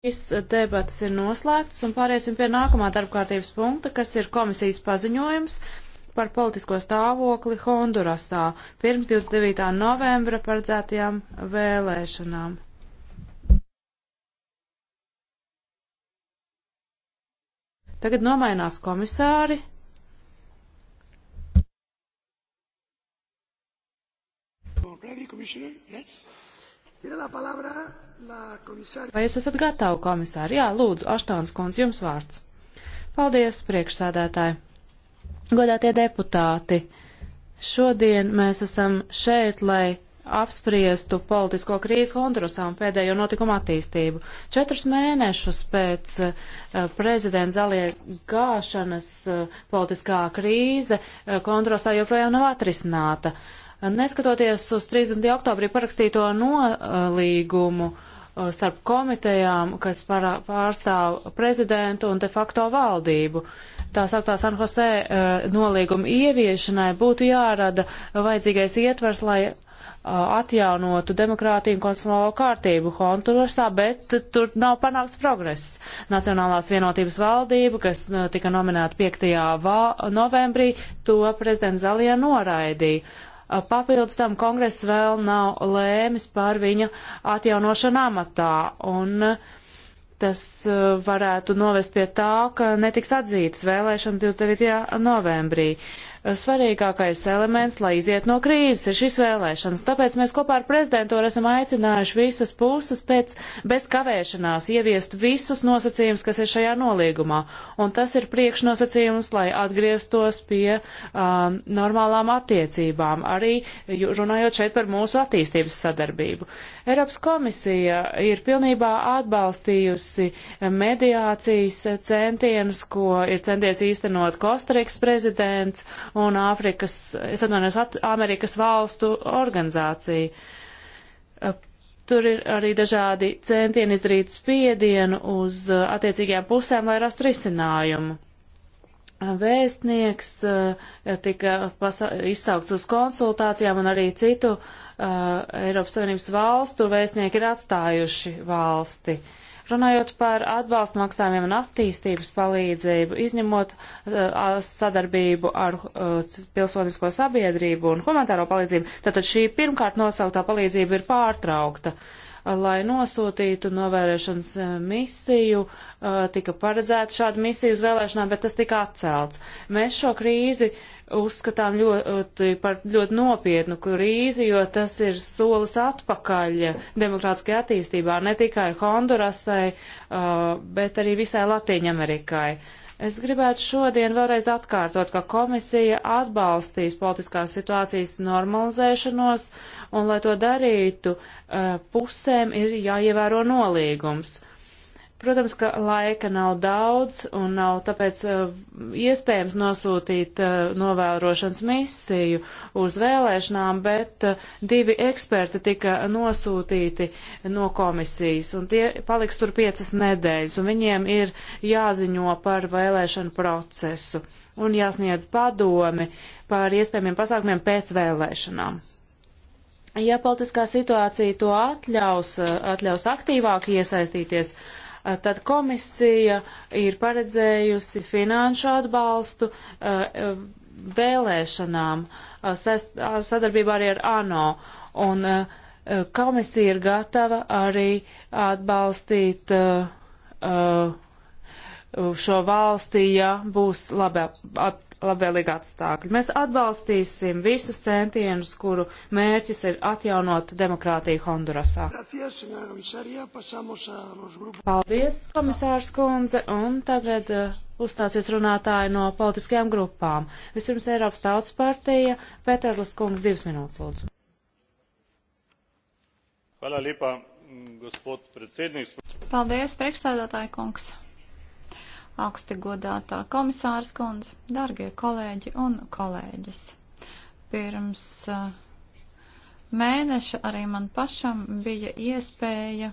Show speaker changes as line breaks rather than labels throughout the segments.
Šīs eh, debatas ir noslēgtas un pāriesim pie nākamā darbkārtības punkta, kas ir komisijas paziņojums par politisko stāvokli Hondurasā pirms 29. novembra paredzētajām vēlēšanām. Tagad nomainās komisāri.
Ready, Commissioner? Yes. Vai
jūs esat gatavi, komisāri? Jā, lūdzu, Aštāns kundz, jums vārds. Paldies, priekšsēdētāji. Godātie deputāti, šodien mēs esam šeit, lai apspriestu politisko krīzi Hondurasā un pēdējo notikumu attīstību. Četrus mēnešus pēc uh, prezidenta zalie gāšanas uh, politiskā krīze uh, Hondurasā joprojām nav atrisināta. Uh, Neskatoties uz 30. oktobrī parakstīto nolīgumu uh, starp komitejām, kas pārstāv prezidentu un de facto valdību, tā sauktā San Jose uh, nolīguma ieviešanai būtu jārada vajadzīgais ietvers, lai uh, atjaunotu demokrātiju un konstitucionālo kārtību Hondurasā, bet tur nav panākts progress. Nacionālās vienotības valdība, kas tika nominēta 5. novembrī, to prezidents Zalijā noraidīja. Papildus tam kongress vēl nav lēmis par viņa atjaunošanu amatā, un tas e, varētu novest pie tā, ka netiks atzītas vēlēšanas 29. novembrī. Uh, svarīgākais elements, lai iziet no krīzes, ir šis vēlēšanas. Tāpēc mēs kopā ar prezidentūru esam aicinājuši visas puses pēc bez kavēšanās ieviest visus nosacījumus, kas ir šajā nolīgumā. Un tas ir priekšnosacījums, lai atgrieztos pie um, normālām attiecībām, arī runājot šeit par mūsu attīstības sadarbību. Eiropas komisija ir pilnībā atbalstījusi mediācijas centienus, ko ir centies īstenot Kostariks prezidents, un Āfrikas, es atvainojos, Amerikas valstu organizāciju. Uh, tur ir arī dažādi centieni izdarīt spiedienu uz uh, attiecīgajām pusēm, lai rastu risinājumu. Uh, vēstnieks tika izsaukts uz konsultācijām un arī citu uh, Eiropas Savienības valstu vēstnieki ir atstājuši valsti. Uh, Runājot par atbalstu maksājumiem un attīstības palīdzību, izņemot uh, sadarbību ar uh, pilsonisko sabiedrību un humanitāro palīdzību, tad šī pirmkārt nosauktā palīdzība ir pārtraukta. Uh, lai nosūtītu novērēšanas uh, misiju, uh, tika paredzēta šāda misija uz vēlēšanām, bet tas tika atcelts. Mēs šo krīzi uh, uzskatām ļoti, par ļoti nopietnu krīzi, jo tas ir solis atpakaļ demokrātiskajā attīstībā ne tikai Hondurasai, uh, bet arī visai Latīņamerikai. Es gribētu šodien vēlreiz atkārtot, ka komisija atbalstīs politiskās situācijas normalizēšanos, un, lai to darītu, uh, pusēm ir jāievēro nolīgums – Protams, ka laika nav daudz un nav tāpēc eh, iespējams nosūtīt eh, novērošanas misiju uz vēlēšanām, bet eh, divi eksperti tika nosūtīti no komisijas un tie paliks tur piecas nedēļas un viņiem ir jāziņo par vēlēšanu procesu un jāsniedz padomi par iespējamiem pasākumiem pēc vēlēšanām. Ja politiskā situācija to atļaus, atļaus aktīvāk iesaistīties, uh, Eh, tad komisija ir paredzējusi finanšu atbalstu eh, eh, vēlēšanām sadarbībā arī ar ANO. Un komisija ir gatava arī atbalstīt šo valsti, ja būs labi ap, ap, labvēlīgi apstākļi. Mēs atbalstīsim visus centienus, kuru mērķis ir atjaunot demokrātiju Hondurasā. Paldies, komisārs kundze, un tagad uh, uzstāsies runātāji no politiskajām grupām. Vispirms Eiropas tautas partija, Pēterlis kungs, divas minūtes lūdzu.
Hvala lepa, gospod predsednik.
Paldies,
priekšstādātāji kungs augsti godātā komisāras kundze, dargie kolēģi un kolēģis. Pirms eh, mēneša arī man pašam bija iespēja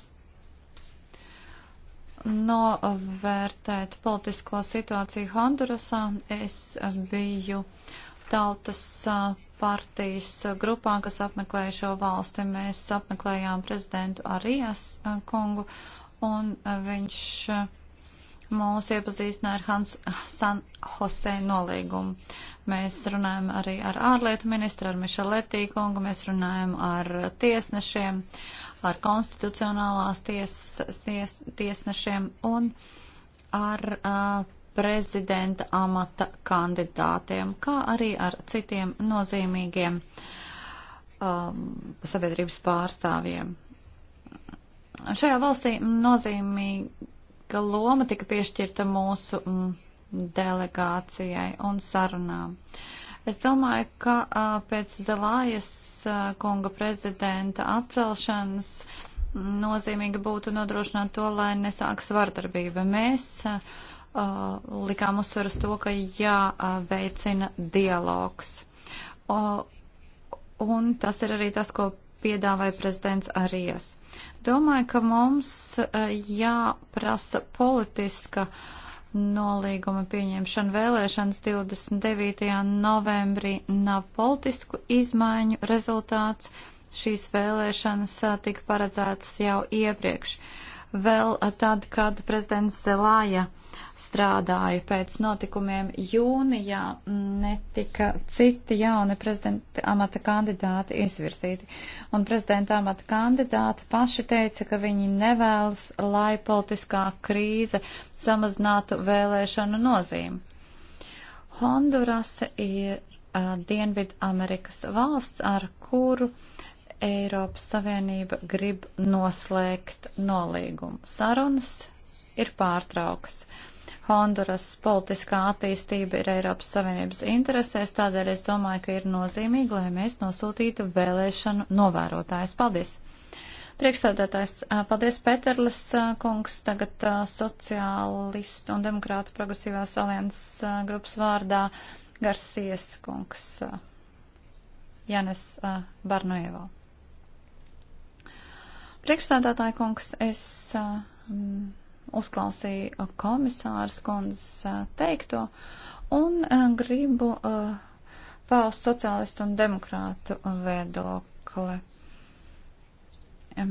novērtēt politisko situāciju Hondurasā. Es biju tautas eh, partijas grupā, kas apmeklēja šo valsti. Mēs apmeklējām prezidentu Arijas eh, kungu, un viņš mūs iepazīstināja ar Hans San Jose nolīgumu. Mēs runājam arī ar ārlietu ministru, ar Mišeletī kungu, mēs runājam ar tiesnešiem, ar konstitucionālās ties, ties, tiesnešiem un ar uh, prezidenta amata kandidātiem, kā arī ar citiem nozīmīgiem um, sabiedrības pārstāvjiem. Šajā valstī nozīmīgi ka loma tika piešķirta mūsu mm, delegācijai un sarunām. Es domāju, ka uh, pēc Zelājas uh, kunga prezidenta atcelšanas mm, nozīmīgi būtu nodrošināt to, lai nesāks vardarbība. Mēs uh, likām uzsveru uz to, ka jāveicina dialogs. Uh, un tas ir arī tas, ko piedāvāja prezidents Arijas. Domāju, ka mums e, jāprasa politiska nolīguma pieņemšana vēlēšanas 29. novembrī nav politisku izmaiņu rezultāts. Šīs vēlēšanas e, tika paredzētas jau iepriekš. Vēl e, tad, kad prezidents Zelāja uh, strādāju pēc notikumiem jūnijā, netika citi jauni prezidenta amata kandidāti izvirzīti. Un prezidenta amata kandidāti paši teica, ka viņi nevēlas, lai politiskā krīze samazinātu vēlēšanu nozīmi. Hondurasa ir uh, Dienvidu Amerikas valsts, ar kuru Eiropas Savienība grib noslēgt nolīgumu. Sarunas ir pārtrauks. Uh, Honduras politiskā attīstība ir Eiropas Savienības interesēs, tādēļ es domāju, ka ir nozīmīgi, lai mēs nosūtītu vēlēšanu novērotājus. Paldies! Priekšstādātājs, paldies Peterlis kungs, tagad sociālistu un demokrātu progresīvās alianses grupas vārdā Garsies kungs Janes Barnoevo. Priekšstādātāja kungs, es. Mm, uzklausīju komisārs kundzes eh, teikto un eh, gribu paust eh, sociālistu un demokrātu viedokli.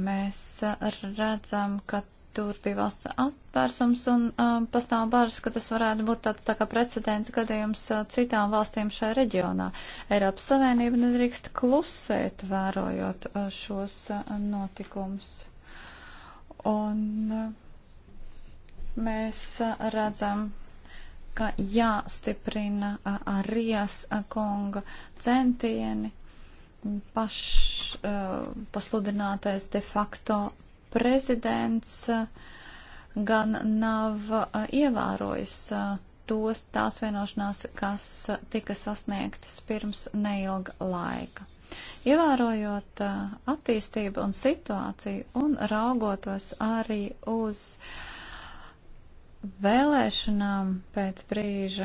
Mēs redzam, ka tur bija valsts atvērsums un um, pastāv bažas, ka tas varētu būt tāds tā kā precedents gadījums uh, citām valstīm šajā reģionā. Eiropas Savienība nedrīkst klusēt, vērojot uh, šos uh, notikumus. Un uh, mēs redzam, ka jāstiprina Arijas kunga centieni paš pasludinātais de facto prezidents gan nav ievērojis tos tās vienošanās, kas tika sasniegtas pirms neilga laika. Ievērojot attīstību un situāciju un raugotos arī uz uh, vēlēšanām pēc brīža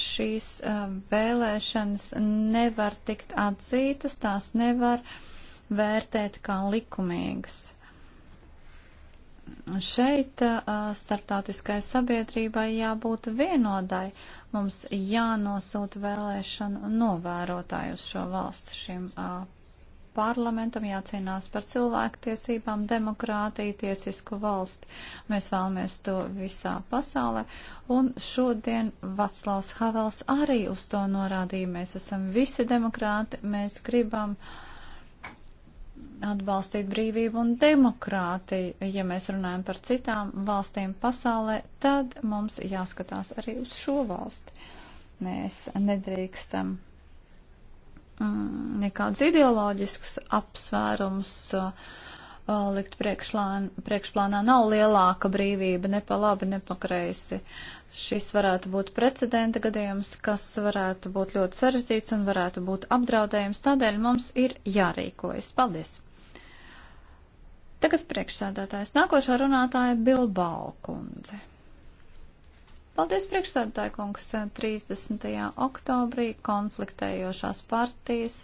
šīs uh, vēlēšanas nevar tikt atzītas, tās nevar vērtēt kā likumīgas. Šeit uh, starptautiskai sabiedrībai jābūt vienodai. Mums jānosūta vēlēšanu novērotāju uz šo valstu šiem uh, parlamentam jācīnās par cilvēktiesībām, demokrātiju, tiesisku valsti. Mēs vēlamies to visā pasaulē. Un šodien Vaclavs Havels arī uz to norādīja. Mēs esam visi demokrāti, mēs gribam atbalstīt brīvību un demokrātiju. Ja mēs runājam par citām valstīm pasaulē, tad mums jāskatās arī uz šo valsti. Mēs nedrīkstam Mm, nekādus ideoloģiskus apsvērumus uh, uh, likt priekšplānā. Nav lielāka brīvība ne pa labi, ne pa kreisi. Šis varētu būt precedenta gadījums, kas varētu būt ļoti sarežģīts un varētu būt apdraudējums. Tādēļ mums ir jārīkojas. Paldies! Tagad priekšsēdētājs. Nākošā runātāja Bilbao kundze. Paldies, priekšstādātāji kungs, 30. oktobrī konfliktējošās partijas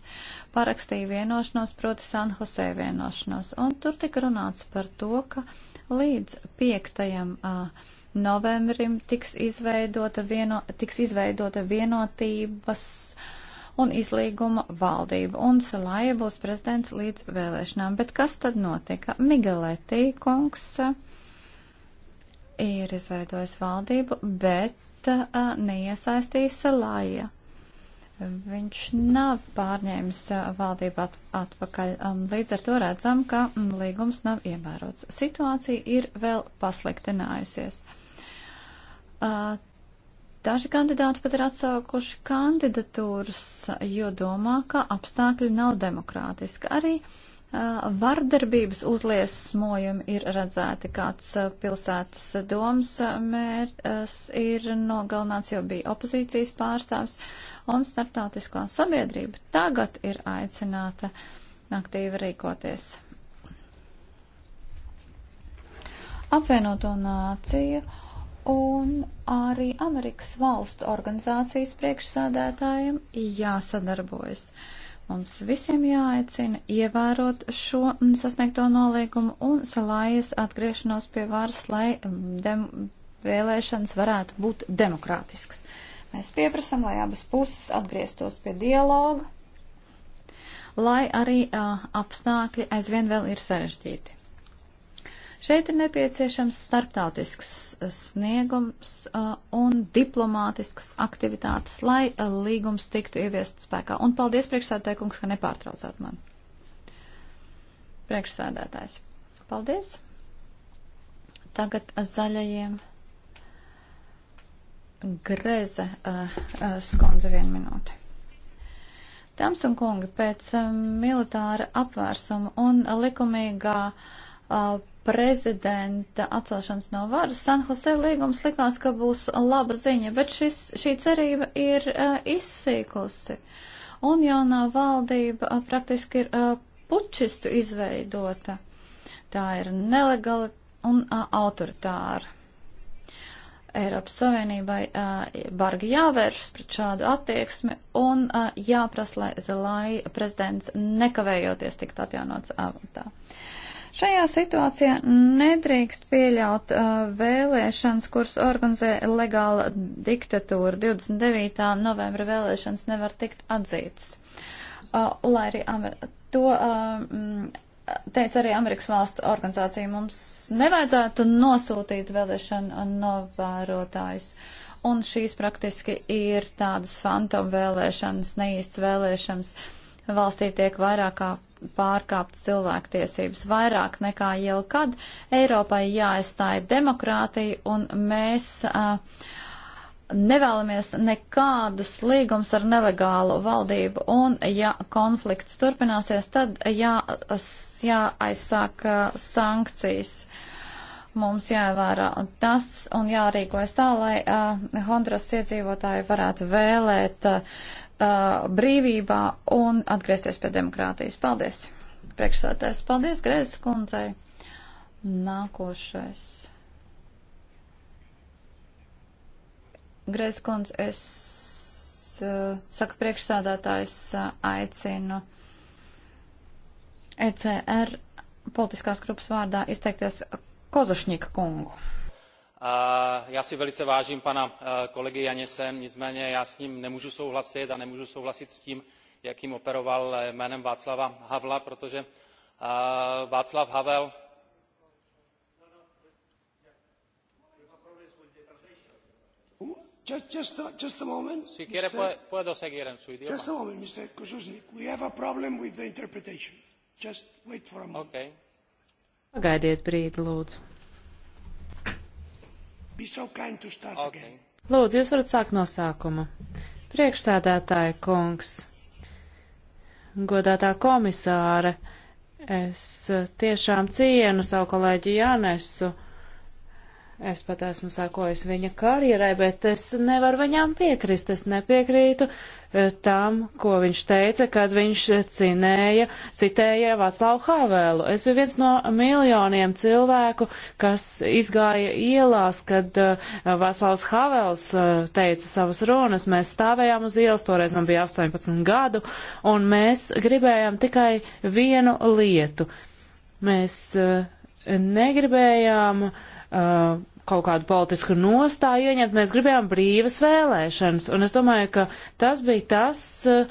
parakstīja vienošanos, proti San Jose vienošanos, un tur tika runāts par to, ka līdz 5. novembrim tiks izveidota, vieno, tiks izveidota vienotības un izlīguma valdība, un Salaja būs prezidents līdz vēlēšanām. Bet kas tad notika? Migalētī kungs. Uh, ir izveidojis valdību, bet uh, neiesaistījis Laija. Viņš nav pārņēmis valdību at atpakaļ. Līdz ar to redzam, ka līgums nav ievērots. Situācija ir vēl pasliktinājusies. Daži kandidāti pat ir atsaukuši kandidatūras, jo domā, ka apstākļi nav demokrātiski. Arī uh, Vardarbības uzliesmojumi ir redzēti, kāds pilsētas domas mērs ir nogalināts, jo bija opozīcijas pārstāvs, un starptautiskā sabiedrība tagad ir aicināta aktīvi rīkoties. Apvienoto nāciju un arī Amerikas valstu organizācijas priekšsādētājiem jāsadarbojas. Uh, Mums visiem jāaicina ievērot šo sasniegto nolīgumu un salājas atgriešanos pie varas, lai mm, dem, vēlēšanas varētu būt demokrātiskas. Mēs pieprasam, lai abas puses atgrieztos pie dialoga, lai arī uh, apstākļi aizvien vēl ir sarežģīti. Šeit ir nepieciešams starptautisks eh, sniegums eh, un diplomātiskas aktivitātes, lai eh, līgums tiktu ieviests spēkā. Un paldies priekšsēdētājkungs, ka nepārtraucāt mani. Priekšsēdētājs. Paldies. Tagad zaļajiem. Greze uh, uh, skundze vienu minūti. Dāmas un kungi, pēc uh, militāra apvērsuma un likumīgā uh, prezidenta atcelšanas no varas, San Jose līgums likās, ka būs laba ziņa, bet šis, šī cerība ir uh, izsīkusi. Un jaunā valdība uh, praktiski ir uh, pučistu izveidota. Tā ir nelegāla un uh, autoritāra. Eiropas Savienībai uh, bargi jāvēršas pret šādu attieksmi un uh, jāprasa, lai Zelai prezidents nekavējoties tikt atjaunots avatā. Uh, Šajā situācijā nedrīkst pieļaut uh, vēlēšanas, kuras organizē legāla diktatūra. 29. novembra vēlēšanas nevar tikt atzītas. Uh, lai arī Amer to uh, mm, teica arī Amerikas valstu organizācija, mums nevajadzētu nosūtīt vēlēšanu novērotājus. Un šīs praktiski ir tādas fantom vēlēšanas, neīsts vēlēšanas valstī tiek vairāk kā pārkāptas cilvēktiesības vairāk nekā jebkad. Eiropai jāaizstāja demokrātija un mēs uh, nevēlamies nekādus līgums ar nelegālu valdību, un ja konflikts turpināsies, tad jā, jāaizsāk sankcijas. Mums jāvērā tas un jārīkojas tā, lai uh, Honduras iedzīvotāji varētu vēlēt uh, brīvībā un atgriezties pie demokrātijas. Paldies! Priekšsētājs, paldies Grēzes kundzei! Nākošais. Grēzes kundze, es uh, saku priekšsēdētājs uh, aicinu. ECR politiskās grupas vārdā izteikties Kozošņika kungu.
Já si velice vážím pana kolegy Janise, nicméně já s ním nemůžu souhlasit a nemůžu souhlasit s tím, jakým operoval e, jménem Václava Havla, protože Václav Havel Just, just, just a moment. Si quiere, Mr. puedo seguir en su idioma. Just a moment, Mr. Kosusnik. We have a problem with the interpretation. Just wait for a moment. Okay.
Pagaidiet brīdi, lūdzu. Okay. Lūdzu, jūs varat sākt no sākuma. Priekšsēdētāja kungs, godātā komisāre, es tiešām cienu savu kolēģi Jānesu Es pat esmu sakojis viņa karjerai, bet es nevaru viņām piekrist. Es nepiekrītu e, tam, ko viņš teica, kad viņš cinēja, citēja Vāclavu Havelu. Es biju viens no miljoniem cilvēku, kas izgāja ielās, kad e, Vāclavs Havels e, teica savas runas. Mēs stāvējām uz ielas, toreiz man bija 18 gadu, un mēs gribējām tikai vienu lietu. Mēs negribējām uh, uh, kaut kādu politisku nostāju ieņemt, mēs gribējām brīvas vēlēšanas. Un es domāju, ka tas bija tas, uh,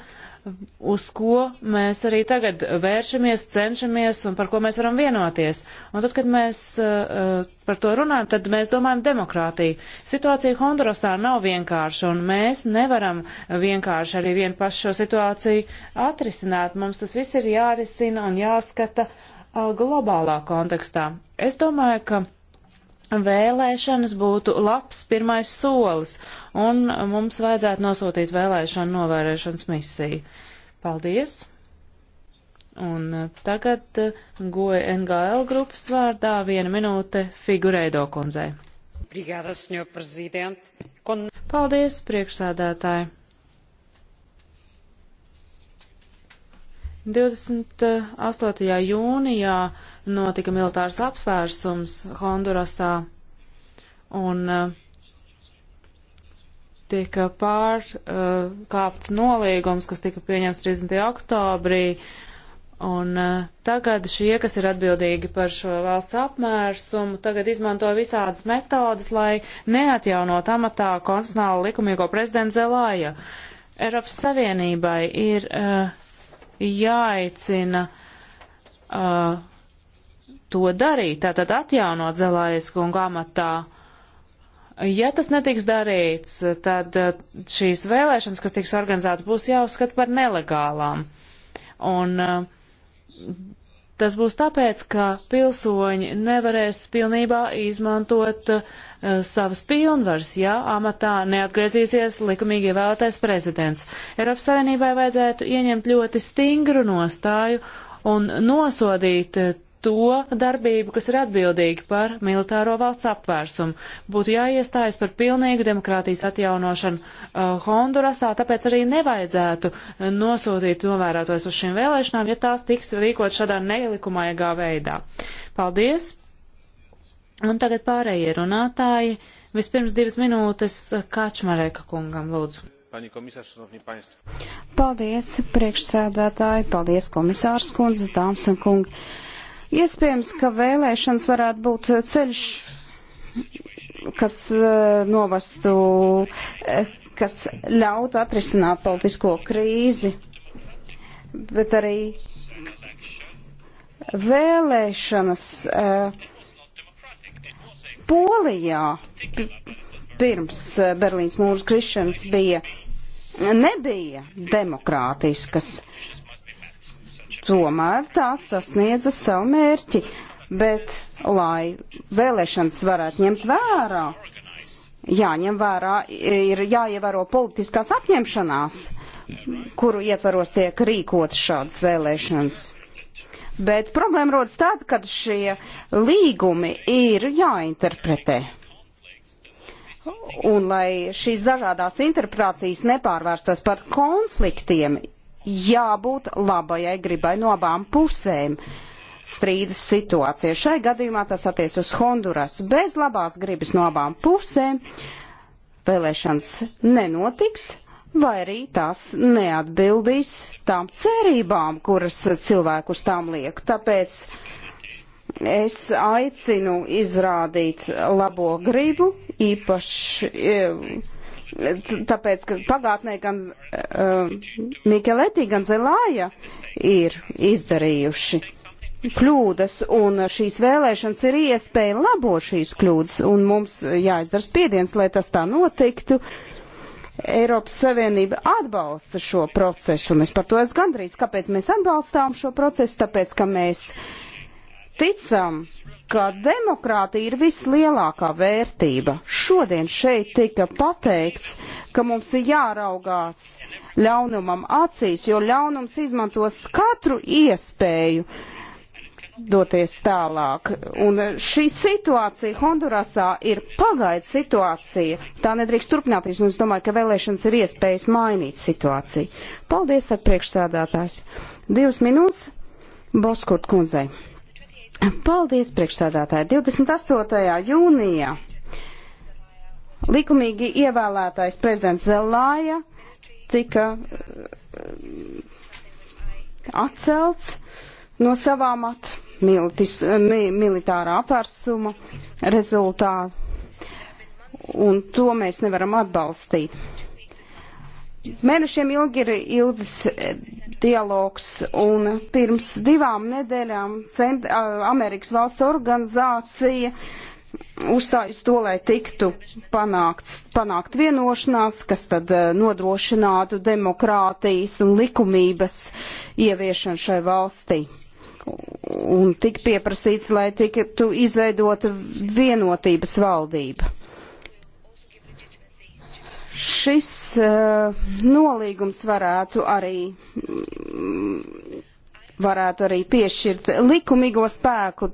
uz ko mēs arī tagad vēršamies, cenšamies un par ko mēs varam vienoties. Un tad, kad mēs uh, uh, par to runājam, tad mēs domājam demokrātiju. Situācija Hondurasā nav vienkārša un mēs nevaram vienkārši arī vien pašu šo situāciju atrisināt. Mums tas viss ir jārisina un jāskata globālā kontekstā. Es domāju, ka Vēlēšanas būtu labs pirmais solis, un mums vajadzētu nosūtīt vēlēšanu novērēšanas misiju. Paldies! Un tagad eh, goja NGL grupas vārdā viena minūte figurēdo kundzei. Paldies, priekšsādātāji! 28. Eh, jūnijā notika militārs apsvērsums Hondurasā un eh, tika pārkāpts eh, nolīgums, kas tika pieņemts 30. oktobrī. Un eh, tagad šie, kas ir atbildīgi par šo valsts apmērsumu, tagad izmanto visādas metodas, lai neatjaunot amatā konstitucionāli likumīgo prezidentu Zelāja. Eiropas Savienībai ir uh, jāicina uh, to darīt, tātad atjaunot Zelājas kungu amatā. Ja tas netiks darīts, tad uh, šīs vēlēšanas, kas tiks organizētas, būs jāuzskata par nelegālām. Un uh, tas būs tāpēc, ka pilsoņi nevarēs pilnībā izmantot uh, savas pilnvaras, ja amatā neatgriezīsies likumīgi ievēlētais prezidents. Eiropas Savienībai vajadzētu ieņemt ļoti stingru nostāju un nosodīt uh, to darbību, kas ir atbildīga par militāro valsts apvērsumu. Būtu jāiestājas par pilnīgu demokrātijas atjaunošanu uh, Hondurasā, tāpēc arī nevajadzētu uh, nosūtīt novērētos uz šīm vēlēšanām, ja tās tiks rīkot šādā nelikumīgā veidā. Paldies! Un tagad pārējie runātāji. Vispirms divas minūtes uh, Kačmarēka kungam, lūdzu.
Paldies, priekšsēdētāji, paldies, komisārs kundzes, dāmas un kungi. Iespējams, ka vēlēšanas varētu būt ceļš, kas eh, novestu, eh, kas ļautu atrisināt politisko krīzi, bet arī vēlēšanas eh, Polijā pirms Berlīnas mūras krišanas bija nebija demokrātiskas tomēr tās sasniedza savu mērķi. Bet, lai vēlēšanas varētu ņemt vērā, jāņem vērā, ir jāievēro politiskās apņemšanās, kuru ietvaros tiek rīkotas šādas vēlēšanas. Bet problēma rodas tad, kad šie līgumi ir jāinterpretē. Un lai šīs dažādās interpretācijas nepārvērstos par konfliktiem, jābūt labajai gribai no abām pusēm strīdas situācija. Šai gadījumā tas attiec uz Honduras. Bez labās gribas no abām pusēm vēlēšanas nenotiks, vai arī tās neatbildīs tām cerībām, kuras cilvēku uz tām liek. Tāpēc es aicinu izrādīt labo gribu, īpaši eh, tāpēc, ka pagātnē gan uh, eh, Mikeletī, gan Zelāja ir izdarījuši kļūdas, un šīs vēlēšanas ir iespēja labo šīs kļūdas, un mums jāizdara spiediens, lai tas tā notiktu. Eiropas Savienība atbalsta šo procesu, un es par to esmu gandrīz, kāpēc mēs atbalstām šo procesu, tāpēc, ka mēs uh, ticam, ka demokrātija ir vislielākā vērtība. Šodien šeit tika pateikts, ka mums ir jāraugās ļaunumam acīs, jo ļaunums izmantos katru iespēju doties tālāk. Un šī situācija Hondurasā ir pagaida situācija. Tā nedrīkst turpināties, un es domāju, ka vēlēšanas ir iespējas mainīt situāciju. Paldies, saka priekšsēdātājs. Divas minūtes Boskurt kundzei. Paldies, priekšsādātāji. 28. jūnijā likumīgi ievēlētais prezidents Zelāja tika uh, atcelts no savām at militis, uh, mi, militārā apvērsuma rezultātu. Un to mēs nevaram atbalstīt mēnešiem ilgi ir ilgs eh, dialogs, un pirms divām nedēļām Cent Amerikas valsts organizācija uzstājas to, lai tiktu panākts, panākt vienošanās, kas tad eh, nodrošinātu demokrātijas un likumības ieviešanu šai valstī. Un tik pieprasīts, lai tiktu izveidota vienotības valdība. Šis uh, nolīgums varētu arī, mm, varētu arī piešķirt likumīgo spēku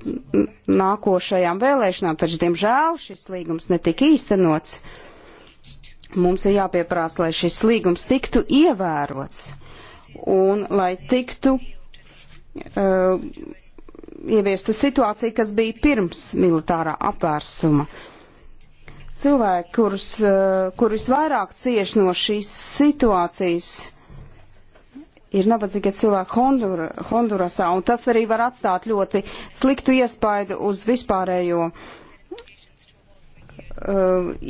nākošajām vēlēšanām, taču, diemžēl, šis līgums netika īstenots. Mums ir jāpieprasa, lai šis līgums tiktu ievērots un lai tiktu uh, ieviesta situācija, kas bija pirms militārā apvērsuma. Uh, cilvēki, kurus, eh, kur visvairāk cieš no šīs situācijas, ir nabadzīgie cilvēki Hondur, Hondurasā, un tas arī var atstāt ļoti sliktu iespaidu uz vispārējo uh,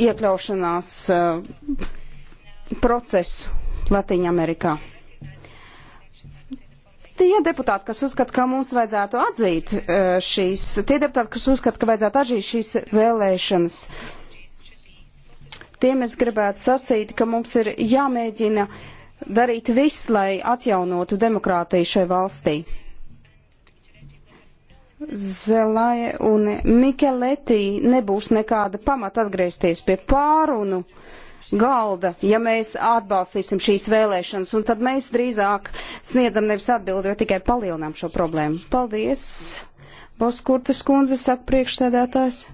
iekļaušanās uh, procesu Latīņa Amerikā. Tie deputāti, kas uzskata, ka mums vajadzētu atzīt uh, šīs, tie deputāti, kas uzskata, ka vajadzētu atzīt šīs vēlēšanas, uh, Tiem es gribētu sacīt, ka mums ir jāmēģina darīt viss, lai atjaunotu demokrātiju šai valstī. Zelai un Mikeletī nebūs nekāda pamata atgriezties pie pārunu galda, ja mēs atbalstīsim šīs vēlēšanas, un tad mēs drīzāk sniedzam nevis atbildi, bet tikai palielinām šo problēmu. Paldies, Boskurtas kundze, saka priekšsēdētājs.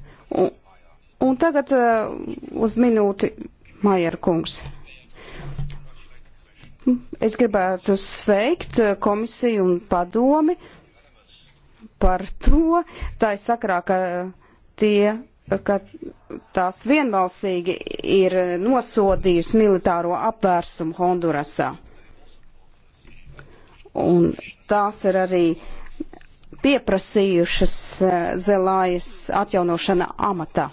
Un, Un tagad uh, uz minūti Maier kungs. Es gribētu sveikt eh, komisiju un padomi par to, tā ir sakrā, ka tie, ka tās vienbalsīgi ir nosodījusi militāro apvērsumu Hondurasā. Un tās ir arī pieprasījušas eh, Zelājas atjaunošana amatā.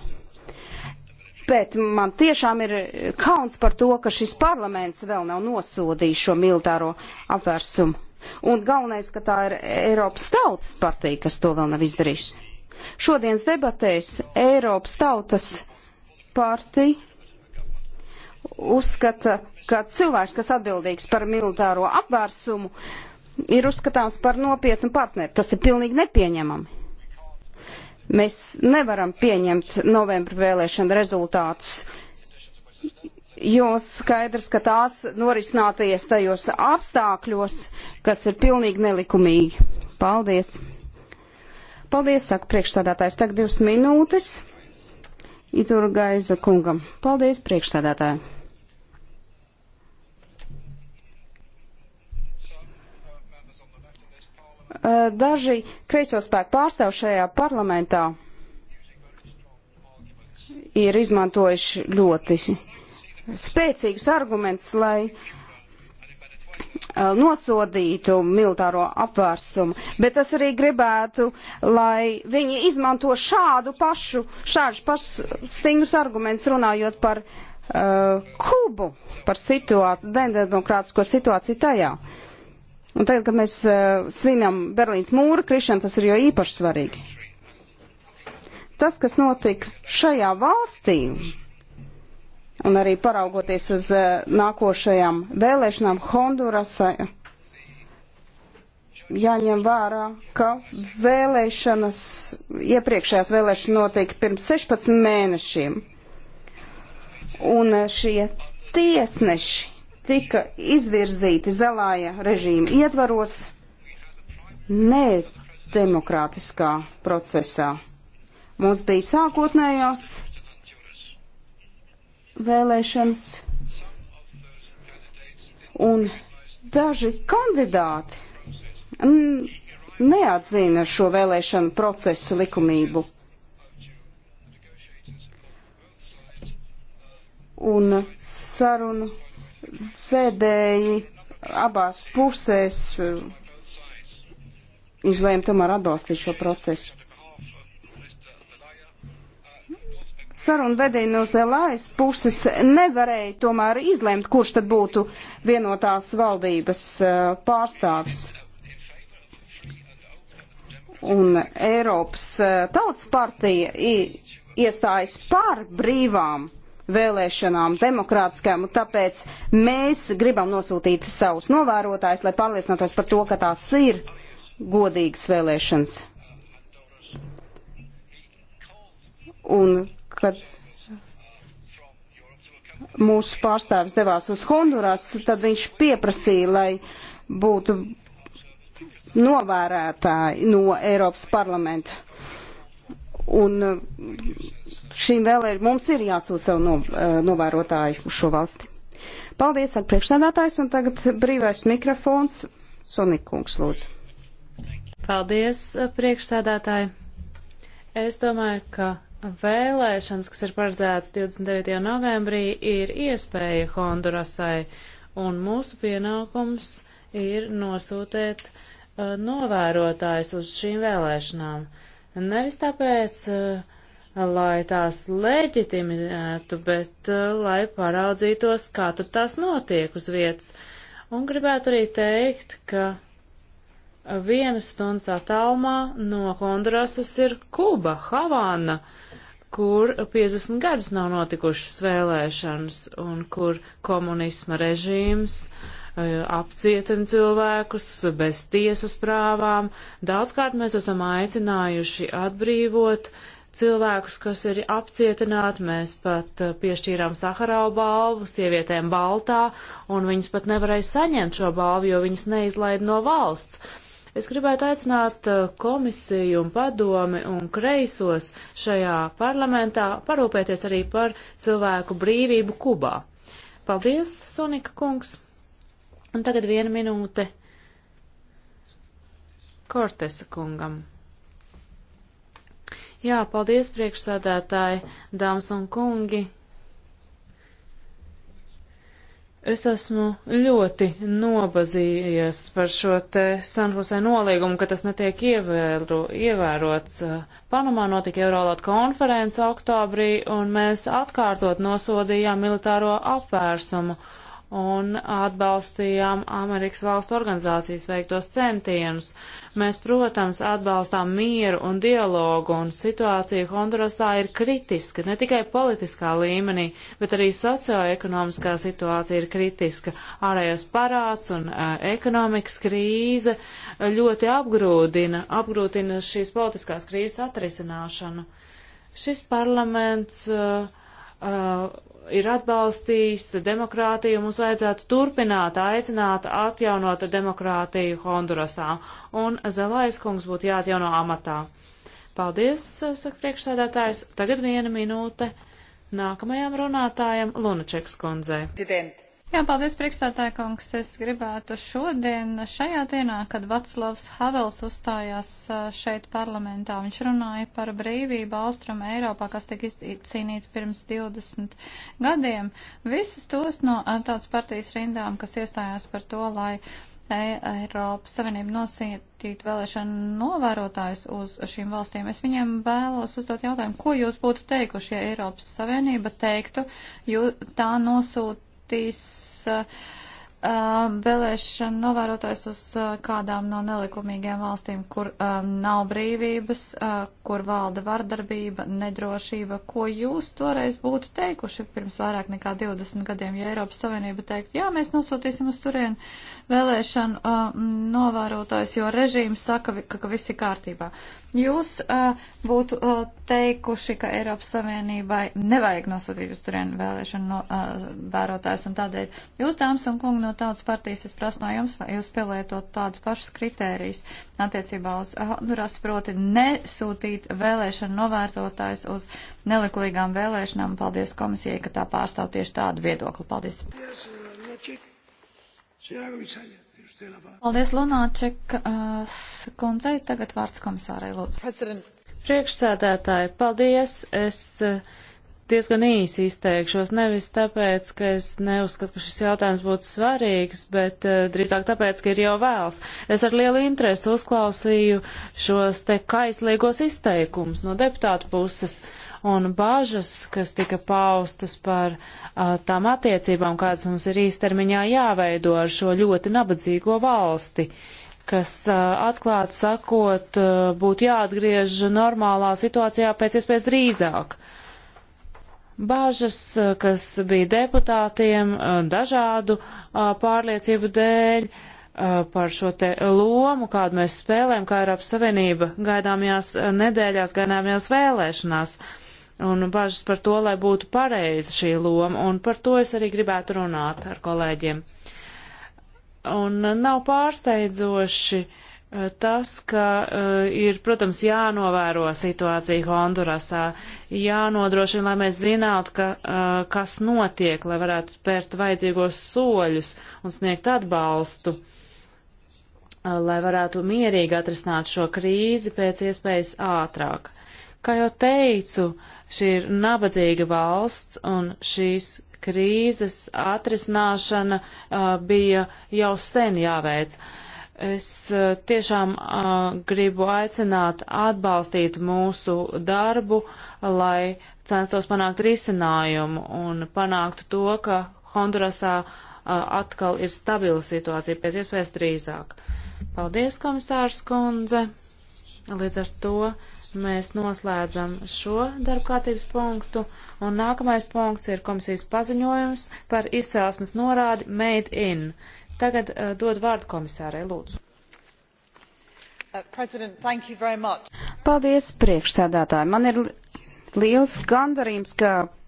Bet man tiešām ir eh, kauns par to, ka šis parlaments vēl nav nosodījis šo militāro apvērsumu. Un galvenais, ka tā ir Eiropas tautas partija, kas to vēl nav izdarījusi. Šodienas debatēs Eiropas tautas partija uzskata, ka cilvēks, kas atbildīgs par militāro apvērsumu, ir uzskatāms par nopietnu partneri. Tas ir pilnīgi nepieņemami. Mēs nevaram pieņemt novembra vēlēšana rezultātus, jo skaidrs, ka tās norisināties tajos apstākļos, kas ir pilnīgi nelikumīgi. Paldies! Paldies, saka priekšsādātājs. Tagad divas minūtes. Itur Gaiza kungam. Paldies, priekšsādātāji! Eh, daži kreiso spēku pārstāv šajā parlamentā ir izmantojuši ļoti spēcīgus argumentus, lai eh, nosodītu militāro apvērsumu, bet es arī gribētu, lai viņi izmanto šādu pašu, šādu pašu stingrus argumentus runājot par uh, Kubu, par situāciju, demokrātisko situāciju tajā. Uh, Un tagad, kad mēs uh, svinam Berlīnas mūra krišanu, tas ir jo īpaši svarīgi. Tas, kas notika šajā valstī, un arī paraugoties uz uh, nākošajām vēlēšanām Hondurasā, jāņem vērā, ka vēlēšanas, iepriekšējās vēlēšanas notika pirms 16 mēnešiem. Un eh, šie tiesneši tika izvirzīti zelāja režīma ietvaros, ne demokrātiskā procesā. Mums bija sākotnējās vēlēšanas, un daži kandidāti neatzina šo vēlēšanu procesu likumību. Un sarunu sēdēji abās pusēs izlēma tomēr atbalstīt šo procesu. Sarunu vedēji no Zelājas puses nevarēja tomēr izlēmt, kurš tad būtu vienotās valdības pārstāvis. Un Eiropas tautas partija iestājas par brīvām vēlēšanām, demokrātiskām, un tāpēc mēs gribam nosūtīt savus novērotājus, lai pārliecinātos par to, ka tās ir godīgas vēlēšanas. Un kad mūsu pārstāvis devās uz Honduras, tad viņš pieprasīja, lai būtu novērētāji no Eiropas parlamenta. Un uh, šīm vēlēm mums ir jāsūta savu no, uh, novērotāju uz šo valsti. Paldies ar priekšstādātājs un tagad brīvais mikrofons Sonikungs lūdzu.
Paldies uh, priekšstādātāji. Es domāju, ka vēlēšanas, kas ir paredzētas 29. novembrī, ir iespēja Hondurasai, un mūsu pienākums ir nosūtēt uh, novērotājs uz šīm vēlēšanām. Uh, Nevis tāpēc, eh, lai tās leģitimētu, bet eh, lai paraudzītos, kā tur tās notiek uz vietas. Un gribētu arī teikt, ka vienas stundas attālumā no Hondurasas ir Kuba, Havana, kur 50 gadus nav notikušas vēlēšanas un kur komunisma režīms uh, Eh, apcietina cilvēkus bez tiesas prāvām. Daudzkārt mēs esam aicinājuši atbrīvot cilvēkus, kas ir apcietināti. Mēs pat eh, piešķīrām Saharau balvu sievietēm Baltā, un viņas pat nevarēja saņemt šo balvu, jo viņas neizlaida no valsts. Es gribētu aicināt eh, komisiju un padomi un kreisos šajā parlamentā parūpēties arī par cilvēku brīvību Kubā. Paldies, Sonika kungs! Un tagad viena minūte Kortesa kungam. Jā, paldies priekšsādātāji, dāmas un kungi. Es esmu ļoti nobazījies par šo te Sanhusē nolīgumu, ka tas netiek ievēro, ievērots. Panamā notika Eurolāt konference oktobrī, un mēs atkārtot nosodījām militāro apvērsumu. Uh, un atbalstījām Amerikas valstu organizācijas veiktos centienus. Mēs, protams, atbalstām mieru un dialogu, un situācija Hondurasā ir kritiska, ne tikai politiskā līmenī, bet arī socioekonomiskā situācija ir kritiska. Ārējais parāds un uh, ekonomikas krīze ļoti apgrūdina, apgrūtina šīs politiskās krīzes atrisināšanu. Šis parlaments uh, uh, ir atbalstījis demokrātiju, mums vajadzētu turpināt aicināt atjaunot demokrātiju Hondurasā, un Zelais kungs būtu jāatjauno amatā. Paldies, uh, saka priekšsēdētājs. Tagad viena minūte nākamajam runātājam Lunačeks kundzei. President. Jā, paldies, priekšstādāja
kungs. Es gribētu šodien, šajā dienā, kad Vaclavs Havels uzstājās šeit parlamentā, viņš runāja par brīvību Austrum Eiropā, kas tika izcīnīta pirms 20 gadiem. Visus tos no tāds partijas rindām, kas iestājās par to, lai Eiropas Savienība nosītītu vēlēšanu novērotājus uz šīm valstīm. Es viņiem vēlos uzdot jautājumu, ko jūs būtu teikuši, ja Eiropas Savienība teiktu, jo tā nosūta nosūtīs uh, um, vēlēšana novērotājs uz uh, kādām no nelikumīgiem valstīm, kur um, nav brīvības, uh, kur valda vardarbība, nedrošība. Ko jūs toreiz būtu teikuši pirms vairāk nekā 20 gadiem, ja Eiropas Savienība teikt, jā, mēs nosūtīsim uz turienu vēlēšanu novērotājs, jo režīms saka, ka viss ir kārtībā jūs uh, būtu uh, teikuši, ka Eiropas Savienībai nevajag nosūtīt uz turienu vēlēšanu no, uh, vērotājs, un tādēļ jūs, dāmas un kungi, no tautas partijas es prasu no jums, lai jūs pielietot tādus pašus kritērijus attiecībā uz Honduras, proti nesūtīt vēlēšanu novērtotājs uz neliklīgām vēlēšanām. Paldies komisijai, ka tā pārstāv tieši tādu viedokli. Paldies.
Señora uh, comisaria. Paldies,
Lunāček. Uh, kundzei tagad
vārds komisārai lūdzu. President. Priekšsēdētāji, paldies. Es uh, diezgan īsi izteikšos, nevis tāpēc, ka es neuzskatu, ka šis jautājums būtu svarīgs, bet uh, drīzāk tāpēc, ka ir jau vēls. Es ar lielu interesi uzklausīju šos te kaislīgos izteikumus no deputātu puses un bažas, kas tika paustas par uh, tām attiecībām, kādas mums ir īstermiņā jāveido ar šo ļoti nabadzīgo valsti kas uh, atklāt sakot, uh, būtu jāatgriež normālā situācijā pēc iespējas drīzāk. Uh, Bāžas, eh, kas bija deputātiem eh, dažādu eh, pārliecību dēļ par šo te lomu, kādu mēs spēlējam, kā Eiropas Savienība gaidāmajās nedēļās, gaidāmajās vēlēšanās un bažas par to, lai būtu pareiza šī loma, un par to es arī gribētu runāt ar kolēģiem. Un nav pārsteidzoši, uh, Eh, tas, ka eh, ir, protams, jānovēro situācija Hondurasā, jānodrošina, lai mēs zinātu, ka, eh, kas notiek, lai varētu spērt vajadzīgos soļus un sniegt atbalstu lai varētu mierīgi atrisināt šo krīzi pēc iespējas ātrāk. Kā jau teicu, šī ir nabadzīga valsts un šīs krīzes atrisināšana uh, bija jau sen jāveic. Uh, Es eh, tiešām uh, gribu aicināt atbalstīt mūsu darbu, lai censtos panākt risinājumu un panāktu to, ka Hondurasā uh, atkal ir stabila situācija pēc iespējas drīzāk. Paldies, komisārs Kundze! Līdz ar to mēs noslēdzam šo darbkārtības punktu, un nākamais punkts ir komisijas paziņojums par izcelsmes norādi Made in Tagad uh, dod vārdu komisārai, lūdzu. Uh,
Paldies, priekšsēdētāji. Man ir liels gandarījums, ka